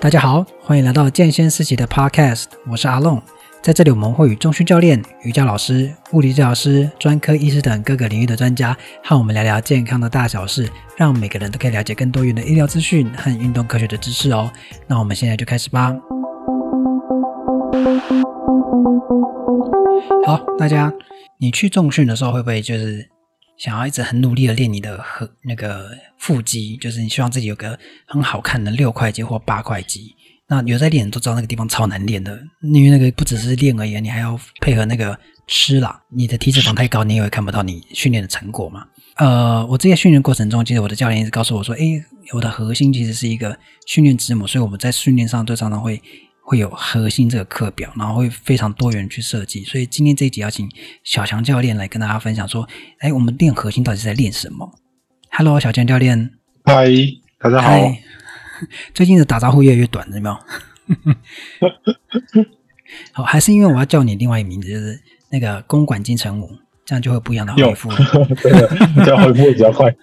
大家好，歡迎來到健先思齊的 Podcast，我是阿龍。在這裡，我們會與重訓教練、瑜伽老師、物理治療師、專科醫師等各個領域的專家和我們聊聊健康的大小事，讓每個人都可以了解更多元的醫療資訊和運動科學的知識哦。那我們現在就開始吧。好，大家，你去重訓的時候會不會就是，想要一直很努力的練你的和那個腹肌，就是你希望自己有個很好看的六塊肌或八塊肌。那有在練都知道那個地方超難練的，因為那個不只是練而已，你還要配合那個吃啦。你的體脂肪太高，你也會看不到你訓練的成果嘛。呃，我這些訓練過程中，其實我的教練一直告訴我說，誒，我的核心其實是一個訓練之母，所以我們在訓練上都常常會，會有核心這個課表，然後會非常多元去設計，所以今天這一集邀請小強教練來跟大家分享，說，哎，我們練核心到底在練什麼？Hello，小強教練，嗨，大家好，最近的打招呼越來越短，有沒有？ 好，還是因為我要叫你另外一名字，就是那個公館金城武。這樣就會不一樣的回復用、 啊，真的，這樣回復比較快。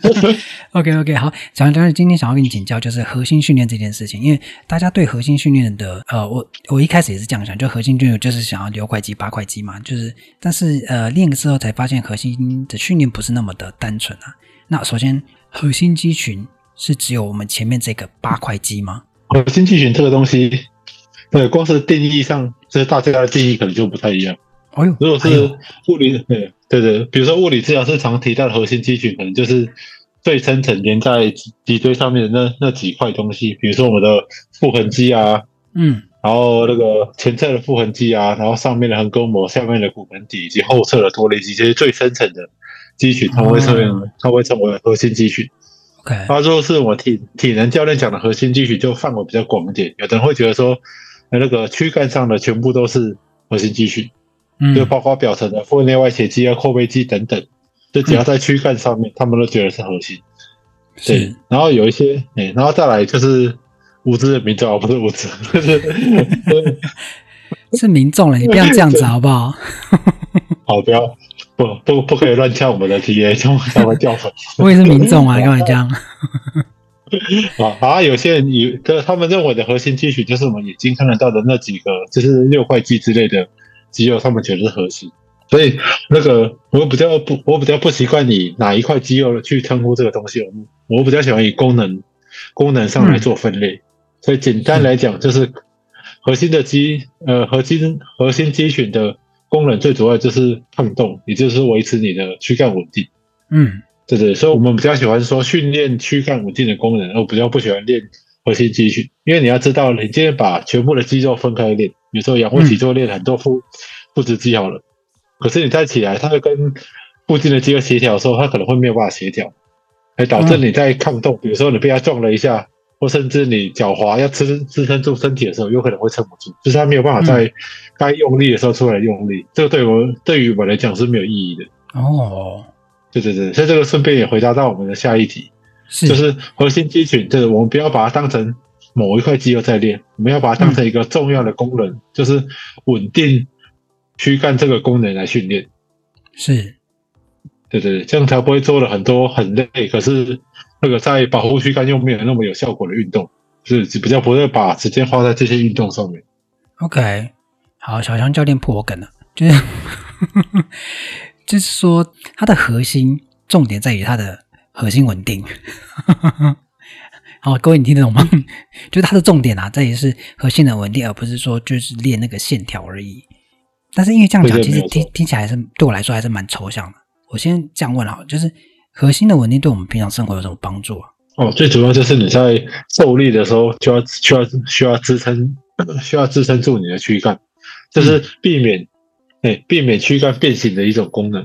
OK OK，好，小強，但是今天想要跟你請教，就是核心訓練這件事情，因為大家對核心訓練的，呃，我我一開始也是這樣想，就核心訓練就是想要六塊肌、八塊肌嘛，就是，但是呃，練的時候才發現核心的訓練不是那麼的單純啊。那首先，核心肌群是只有我們前面這個八塊肌嗎？核心肌群這個東西，對，光是定義上，所以大家的定義可能就不太一樣。如果是物理，對對、對，比如說物理治療師常提到的核心肌群，可能就是最深層連在脊椎上面的那那幾塊東西，比如說我們的腹橫肌啊，嗯，然後那個前側的腹橫肌啊，然後上面的橫膈膜、下面的骨盆底以及後側的多裂肌，這些最深層的肌群，它會稱為它會稱為核心肌群。然後如果是我們體體能教練講的核心肌群，就範圍比較廣一點，有的人會覺得說，那個軀幹上的全部都是核心肌群。就包括表層的腹內外斜肌啊、闊背肌等等，就只要在軀幹上面，他們都覺得是核心。嗯、對，然後有一些誒、欸，然後再來就是無知的民眾、啊，不是無知， 是民眾了。你不要這樣子好不好？好，不要，不好不，要不不可以亂嗆我們的 T A，這樣會掉粉。我也是民眾啊，幹嘛這樣？ 啊有些人以他們認為的核心肌群，就是我們眼睛看得到的那幾個，就是六塊肌之類的。肌肉上面全是核心，所以那個我比較不，我比較不習慣以哪一塊肌肉去稱呼這個東西。我我比較喜歡以功能功能上來做分類。所以簡單來講，就是核心的肌呃核心核心肌群的功能最主要就是抗動，也就是維持你的軀幹穩定。嗯，對對。所以我們比較喜歡說訓練軀幹穩定的功能，我比較不喜歡練核心肌群，因為你要知道，你今天把全部的肌肉分開練。有時候仰臥起坐練很多腹腹直肌好了，可是你再起來，它會跟附近的肌肉協調的時候，它可能會沒有辦法協調，還導致你在抗動，嗯嗯，比如說你被它撞了一下，或甚至你腳滑要支支撐住身體的時候，有可能會撐不住，就是它沒有辦法在該用力的時候出來用力。嗯嗯，這個對我對於我來講是沒有意義的。哦，對對對，所以這個順便也回答到我們的下一題，是就是核心肌群，就是我們不要把它當成。某一塊肌肉在練，我們要把它當成一個重要的功能，嗯、就是穩定軀幹這個功能來訓練。是，對對對，這樣才不會做了很多很累，可是那個在保護軀幹又沒有那麼有效果的運動，是比較不會把時間花在這些運動上面。OK，好，小強教練破我梗了，就是 就是說，它的核心重點在於它的核心穩定。 好，各位，你聽得懂嗎？ 就是它的重點啊，這也是核心的穩定，而不是說就是練那個線條而已。但是因為這樣講，對其實錯聽聽起來還是對我來說還是蠻抽象的。我先這樣問哈，就是核心的穩定對我們平常生活有什麼幫助啊？哦，最主要就是你在受力的時候，就要需要需要支撐，需要支撐住你的軀幹，就是避免哎、嗯欸、避免軀幹變形的一種功能。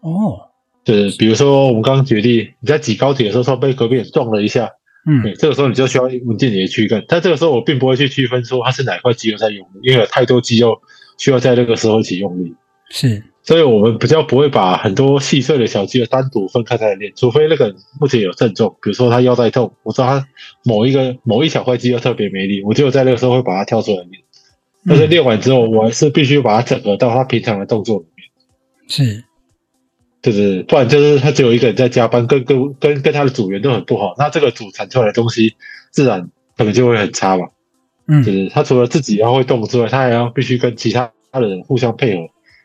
哦，就是比如說我們剛剛舉例，你在擠高鐵的時候被隔壁撞了一下。嗯對，這個時候你就需要穩定你的軀幹，但這個時候我並不會去區分說它是哪塊肌肉在用力，因為有太多肌肉需要在那個時候一起用力。是，所以我們比較不會把很多細碎的小肌肉單獨分開來練，除非那個人目前有症狀，比如說他腰帶痛，我知道他某一個某一小塊肌肉特別沒力，我就在那個時候會把它挑出來練，但是練完之後，我還是必須把它整合到他平常的動作裡面。嗯、是。就是，不然就是他只有一個人在加班，跟跟跟跟他的組員都很不好，那這個組產出來的東西自然可能就會很差嘛。嗯，就是。他除了自己要會動之外，他還要必須跟其他的人互相配合，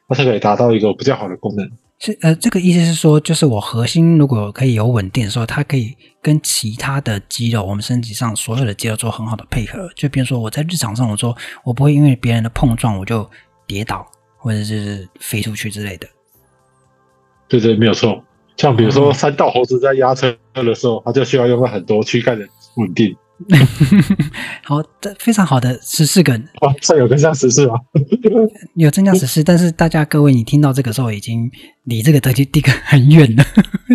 他才可以達到一個比較好的功能。是，呃，這個意思是說，就是我核心如果可以有穩定的時候，他可以跟其他的肌肉，我們身體上所有的肌肉做很好的配合。就比如說我在日常上，我說我不會因為別人的碰撞我就跌倒，或者是飛出去之類的。對對，沒有錯。像比如說，三道猴子在壓車的時候，嗯、他就需要用到很多軀幹的穩定。 好，這非常好的十四根。哇，再、啊有，啊、 有增加十四啊！有增加十四，但是大家各位，你聽到這個時候已經離這個德基地更很遠了，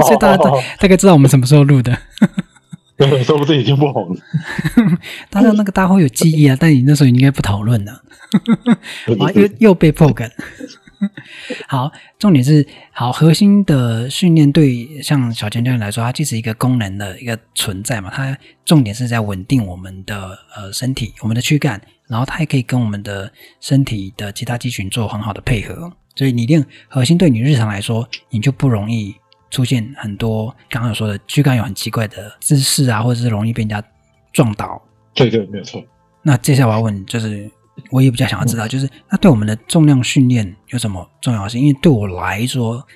所 以大家大大概知道我們什麼時候錄的。那 說不定已經不紅了？當然 那個大夥有記憶啊，但你那時候應該不討論了、啊， 又又被破梗。 好，重點是好核心的訓練，對像小強教練來說，它既是一個功能的一個存在嘛。它重點是在穩定我們的呃身體，我們的軀幹，然後它還可以跟我們的身體的其他肌群做很好的配合。所以你練核心，對你日常來說，你就不容易出現很多剛剛有說的軀幹有很奇怪的姿勢啊，或者是容易被人家撞倒。對對，沒有錯。那接下來我要問就是。我也比較想要知道，就是它對我們的重量訓練有什麼重要性？因為對我來說，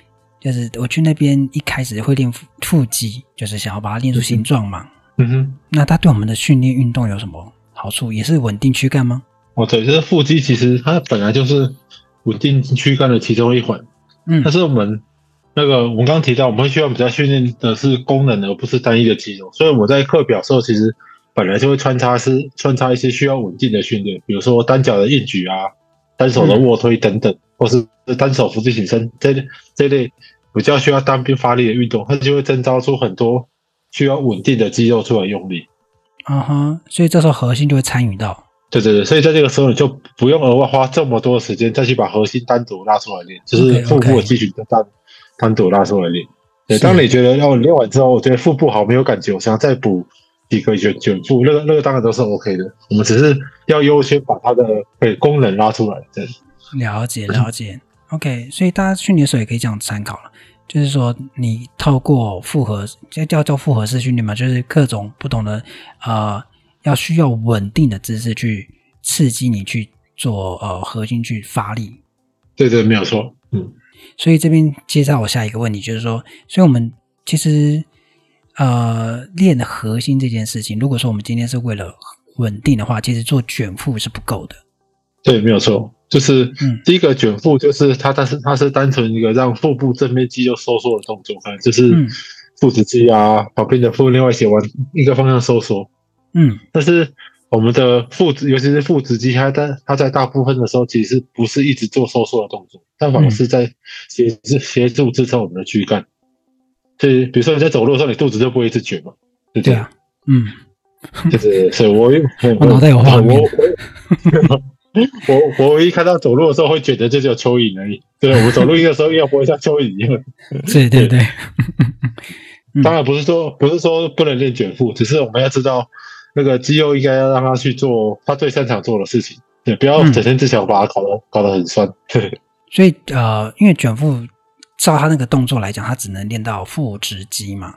就是我去那邊一開始會練腹肌，就是想要把它練出形狀嘛。嗯哼，那它對我們的訓練運動有什麼好處？也是穩定軀幹嗎？嗯嗯嗯。哦對，就是腹肌，其實它本來就是穩定軀幹的其中一環。嗯，但是我們那個我剛剛提到，我們會需要比較訓練的是功能，而不是單一的肌肉。所以我在課表時候其實。本來就會穿插是穿插一些需要穩定的訓練，比如說單腳的硬舉啊、單手的臥推等等，嗯、或是單手伏地挺身這類這類比較需要單邊發力的運動，它就會徵召出很多需要穩定的肌肉出來用力。啊哈，所以這時候核心就會參與到。對對對，所以在這個時候你就不用額外花這麼多時間再去把核心單獨拉出來練，就是腹部的肌群就單、嗯、單獨拉出來練。對，是當你覺得要練完之後，我覺得腹部好沒有感覺，我想再補。可以捲捲腹，那個那個當然都是 OK 的，我們只是要優先把它的對，功能拉出來。對，了解了解，OK。所以大家訓練的時候也可以這樣參考了，就是說你透過複合，叫做複合式訓練嘛，就是各種不同的啊、呃，要需要穩定的姿勢去刺激你去做呃核心去發力。對，對對，沒有錯。嗯。所以這邊介紹我下一個問題，就是說，所以我們其實。呃，練的核心這件事情，如果說我們今天是為了穩定的話，其實做卷腹是不夠的。對，沒有錯，就是第一個卷腹，就是它，但是、嗯、它是單純一個讓腹部正面肌肉收縮的動作，就是腹直肌啊，旁、嗯、邊的腹，另外一些往一個方向收縮。嗯，但是我們的腹直，尤其是腹直肌，它在它在大部分的時候其實不是一直做收縮的動作，它反而是在協助、嗯、協助支撐我們的軀幹。是，比如說你在走路的時候，你肚子就不會一直捲嘛，是這樣，嗯，就是所以我我我我我我我我腦袋有畫面，我一看到走路的時候會覺得，就是有蚯蚓而已。對，我走路的時候又不會像蚯蚓一樣。對對對。當然不是說不是說不能練捲腹，只是我們要知道那個肌肉應該要讓它去做它最擅長做的事情，也不要整天只想把它搞得搞得很酸。對。所以呃，因為捲腹。照他那個動作來講，他只能練到腹直肌嘛？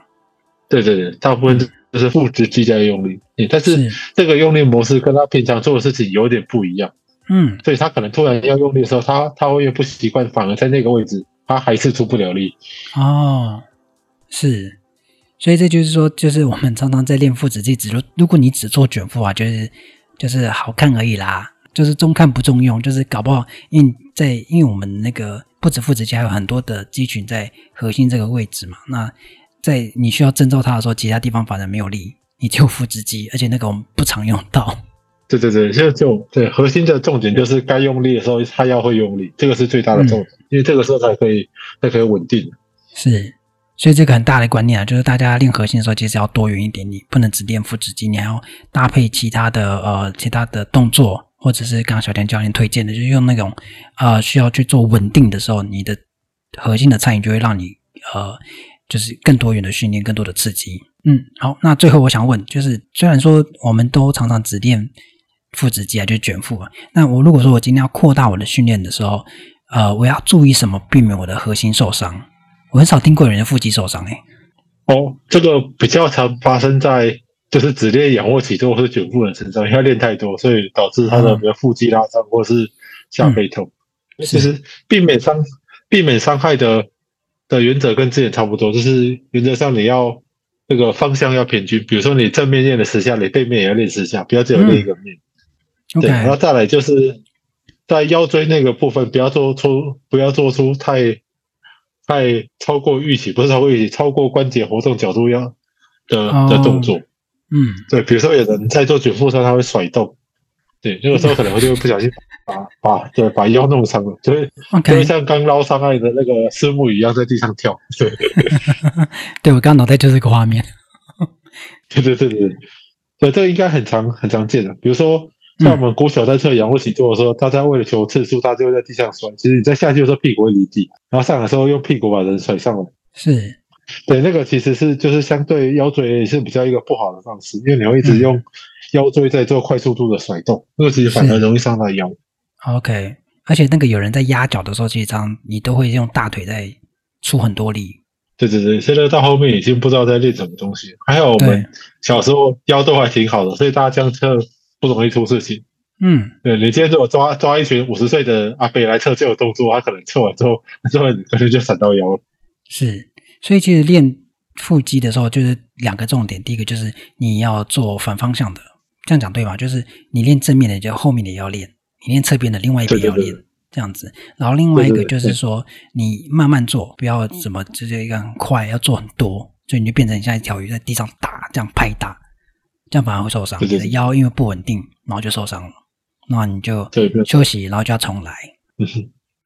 對對對，大部分就是腹直肌在用力。嗯，但是這是個用力模式跟他平常做的事情有點不一樣。嗯，所以他可能突然要用力的時候，他他會不習慣，反而在那個位置他還是出不了力。哦，是，所以這就是說，就是我們常常在練腹直肌，只如如果你只做卷腹啊，就是就是好看而已啦，就是中看不中用，就是搞不好在，因為我們那個不止腹直肌，還有很多的肌群在核心這個位置嘛。那在你需要徵召它的時候，其他地方反而沒有力，你就腹直肌，而且那個我們不常用到。對對對，就就對，核心的重點就是該用力的時候它要會用力，這個是最大的重點，嗯，因為這個時候才可以才可以穩定。是，所以這個很大的觀念啊，就是大家練核心的時候，其實要多元一點，你不能只練腹直肌，你還要搭配其他的呃其他的動作。或者是剛剛小強教練推薦的，就是用那種，呃，需要去做穩定的時候，你的核心的參與就會讓你，呃，就是更多元的訓練，更多的刺激。嗯，好，那最後我想問，就是雖然說我們都常常只練腹直肌啊，就是捲腹啊，那我如果說我今天要擴大我的訓練的時候，呃，我要注意什麼，避免我的核心受傷？我很少聽過有人腹肌受傷誒、欸。哦，這個比較常發生在。就是只練仰臥起坐或是捲腹的身上，因為練太多，所以導致他的比腹肌拉傷或是下背痛。其實、嗯、避免傷、避免傷害的的原則跟之前差不多，就是原則上你要那個方向要平均，比如說你正面練了十下，你背面也要練十下，不要只有練一個面。嗯、對，Okay 然後再來就是在腰椎那個部分，不要做出不要做出太太超過預期，不是超過預期，超過關節活動角度要的、哦、的動作。嗯，對，比如說有人在做捲腹的時候，他會甩動，對，那、這個時候可能會就會不小心把 把，把對，把腰弄傷了，就會，Okay. 就像剛撈上來的那個虱目魚一樣，在地上跳，對，對， 對我剛，剛腦袋就是這個畫面，對對對對，對，對，對這個應該很常很常見的，比如說像我們國小在測仰臥起坐的時候，大家為了求次數，大家就會在地上摔，其實你在下去的時候屁股會離地，然後上來的時候用屁股把人甩上來，是。對，那個其實是就是相對腰椎也是比較一個不好的方式，因為你會一直用腰椎在做快速度的甩動，嗯、那個其實反而容易傷到腰。OK，而且那個有人在壓腳的時候，其實這張你都會用大腿在出很多力。對對對，現在到後面已經不知道在練什麼東西。還好我們小時候腰都還挺好的，對所以大家這樣測不容易出事情。嗯，對，你今天如果抓抓一群五十歲的阿伯來測這種動作，他可能測完之後，之後可能就閃到腰了。是。所以其實練腹肌的時候，就是兩個重點。第一個就是你要做反方向的，這樣講對嗎？就是你練正面的，就後面的也要練；你練側邊的，另外一邊也要練，這樣子。然後另外一個就是說，你慢慢做，不要怎麼直接一個很快要做很多，所以你就變成像一條魚在地上打這樣拍打，這樣反而會受傷。你的腰因為不穩定，然後就受傷了。那你就休息，然後就要重來。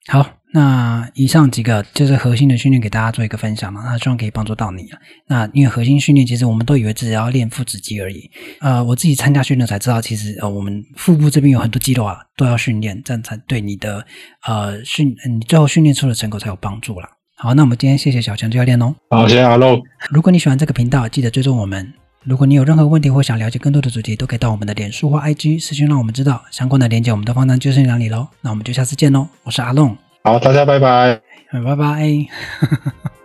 好。那以上幾個就是核心的訓練，給大家做一個分享嘛。那希望可以幫助到你啊。那因為核心訓練，其實我們都以為只要練腹直肌而已。呃，我自己參加訓練才知道，其實呃，我們腹部這邊有很多肌肉啊，都要訓練，這樣才對你的呃訓，你最後訓練出的成果才有幫助了。好，那我們今天謝謝小強教練哦。好，謝謝阿龍。如果你喜歡這個頻道，記得追蹤我們。如果你有任何問題或想了解更多的主題，都可以到我們的臉書或 IG 私訊讓我們知道。相關的連結我們都放在就生艇裡嘍。那我們就下次見嘍。我是阿龍。好，大家拜拜，拜拜。